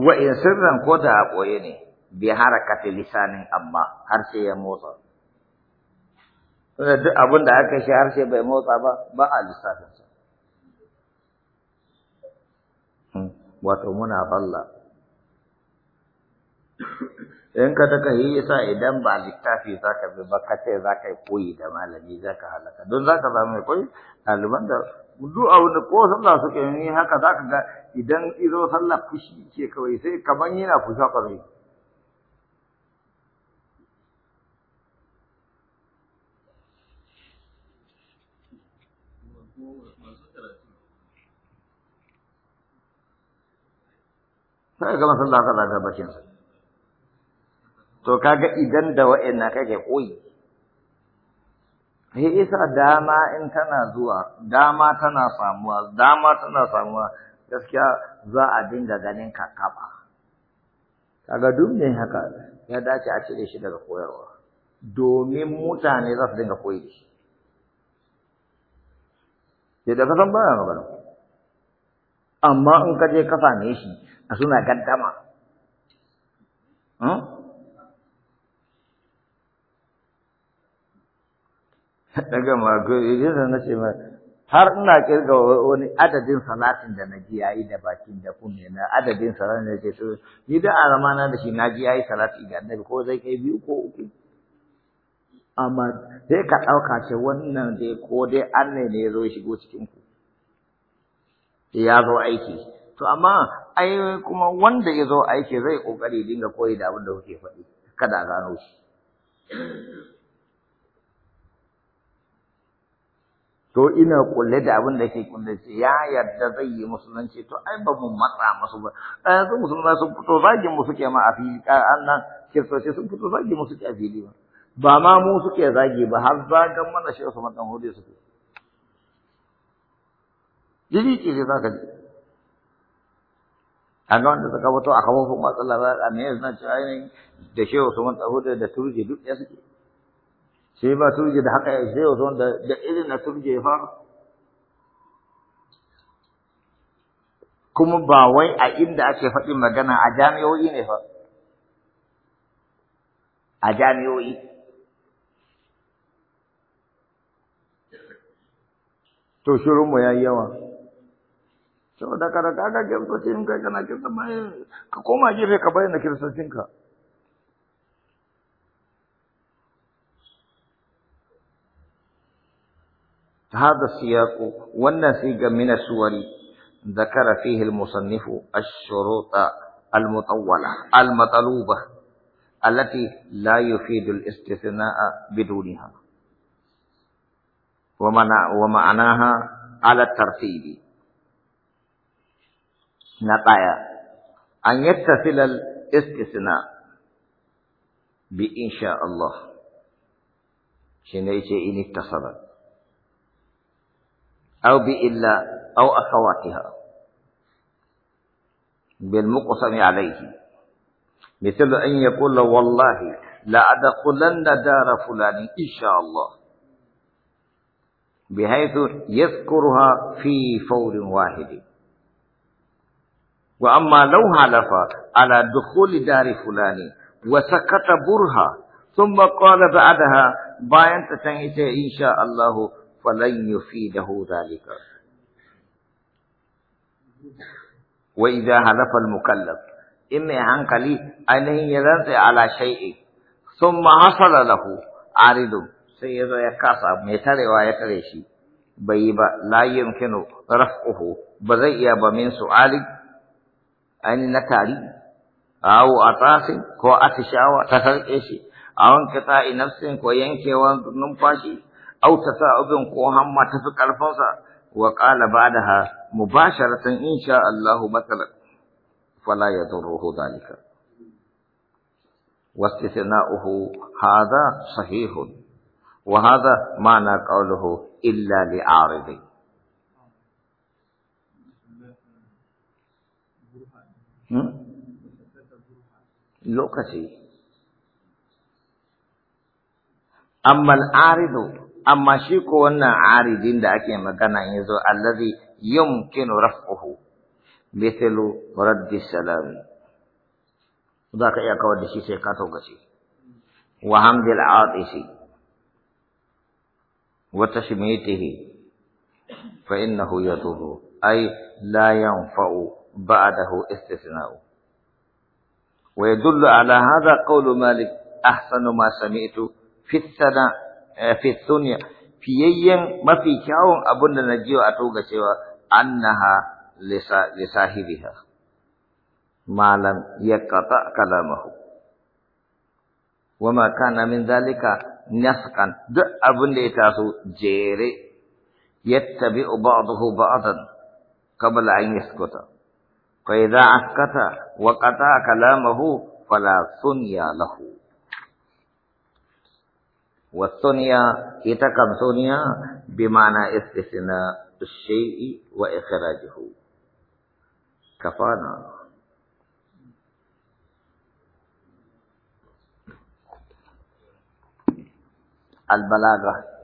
wa in sirran ko da a ɓoye ne bi harakati lisanin amma har sai ya motsa duk abin da aka shi sai bai motsa ba ba a lissafinsa hmm. wato muna balla in ka taka yi yasa idan ba littafi za ka bi ba ka ce za ka yi koyi da malami za ka halaka don za ka zama mai koyi ɗaliban da duk abu da ko sallah suke yi haka za ka ga idan izo sallah fushi ce kawai sai kamar yana fusa ƙwarai sai ga masallah ka za bakin bakinsa to kaga idan da wa'annan kake koyi sai isa dama in tana zuwa dama tana samuwa dama tana samuwa gaskiya za a dinga ganin kakaba kaga duk ne haka ya dace a cire shi daga koyarwa domin mutane za su dinga koyi da shi sai da kasan baya magana amma in ka je ka same shi a suna gaddama hmm? daga mako idan na ce ma har ina kirga wani adadin salatin da naji yayi da bakin da kunne na adadin salatin da ke so ni da alamana da shi naji yayi salati ga annabi ko zai kai biyu ko uku amma sai ka dauka ce wannan dai ko dai Allah ne ya zo shigo cikin ku ya zo aiki to amma ai kuma wanda ya zo aiki zai kokari dinga koyi da abin da kuke faɗi kada a gano shi to ina kulle da abin da ke kulle sai ya yarda zai yi musulunci to ai ba mu matsa musu ba yanzu musulma sun fito zagi mu suke ma a fili nan kiristoci sun fito zagi mu suke a fili ba ba ma mu suke zagi ba har zagan mana shi su dan Hudu suke jiri ce za zaka ji a ga wanda suka fito a kafofin watsa labarai a me yana cewa da shi su dan Hudu da Turji duk ya suke sai ba turje da haka sai wasu wanda da irin na turje ya fara kuma ba wai a inda ake faɗin magana a jami'o'i ne fa a jami'o'i to shirinmu ya yi yawa saboda kada kaga kiristocin kai kana kirista ka koma gefe ka bayyana ka. هذا السياق والنسيج من السور ذكر فيه المصنف الشروط المطولة المطلوبة التي لا يفيد الاستثناء بدونها ومعناها على الترتيب نقايا أن يتصل الاستثناء بإن شاء الله شنو إن اتصلت أو بإلا أو أخواتها بالمقسم عليه مثل أن يقول والله لأدخلن دار فلان إن شاء الله بحيث يذكرها في فور واحد وأما لو حلف على دخول دار فلان وسكت برها ثم قال بعدها باين تتنيت إن شاء الله فلن يفيده ذلك وإذا هدف المكلف إما هنكلي أنه يرد على شيء ثم حصل له عارض سيد يكاسا ميتر ويكريشي شيء بيبا لا يمكن رفقه بزي من سؤال أن نتاري أو أطاس كو أتشاوى تسرق أو انكتاء نفس كو ينكي وانقطاع نمفاشي أو تثاؤب قوهم ما تفق الفوصة وقال بعدها مباشرة إن شاء الله مثلا فلا يضره ذلك واستثناؤه هذا صحيح وهذا معنى قوله إلا لعارضين لوكسي أما العارض amma shi ko wannan aridin da ake magana yazo allazi yumkinu raf'uhu mithlu raddi salam za ka iya kawar da shi sai ka togace wa hamdil aatisi wa tashmitihi fa innahu yatubu ay la yanfa'u ba'dahu istithna'u ويدل على هذا قول مالك أحسن ما سمعت في الثناء Eh, fi fiyayyen mafi kyawun abin da na ji a toga cewa annaha li sahibiha malam kata kalamahu wama kana min zalika nasqan duk abin da ya taso jere yattabi'u ba'dahu ba'dan qabla an yaskuta fa idza askata wa qata kalamahu fala sunya lahu والثنية إتكم ثنية بمعنى استثناء الشيء وإخراجه كفانا البلاغة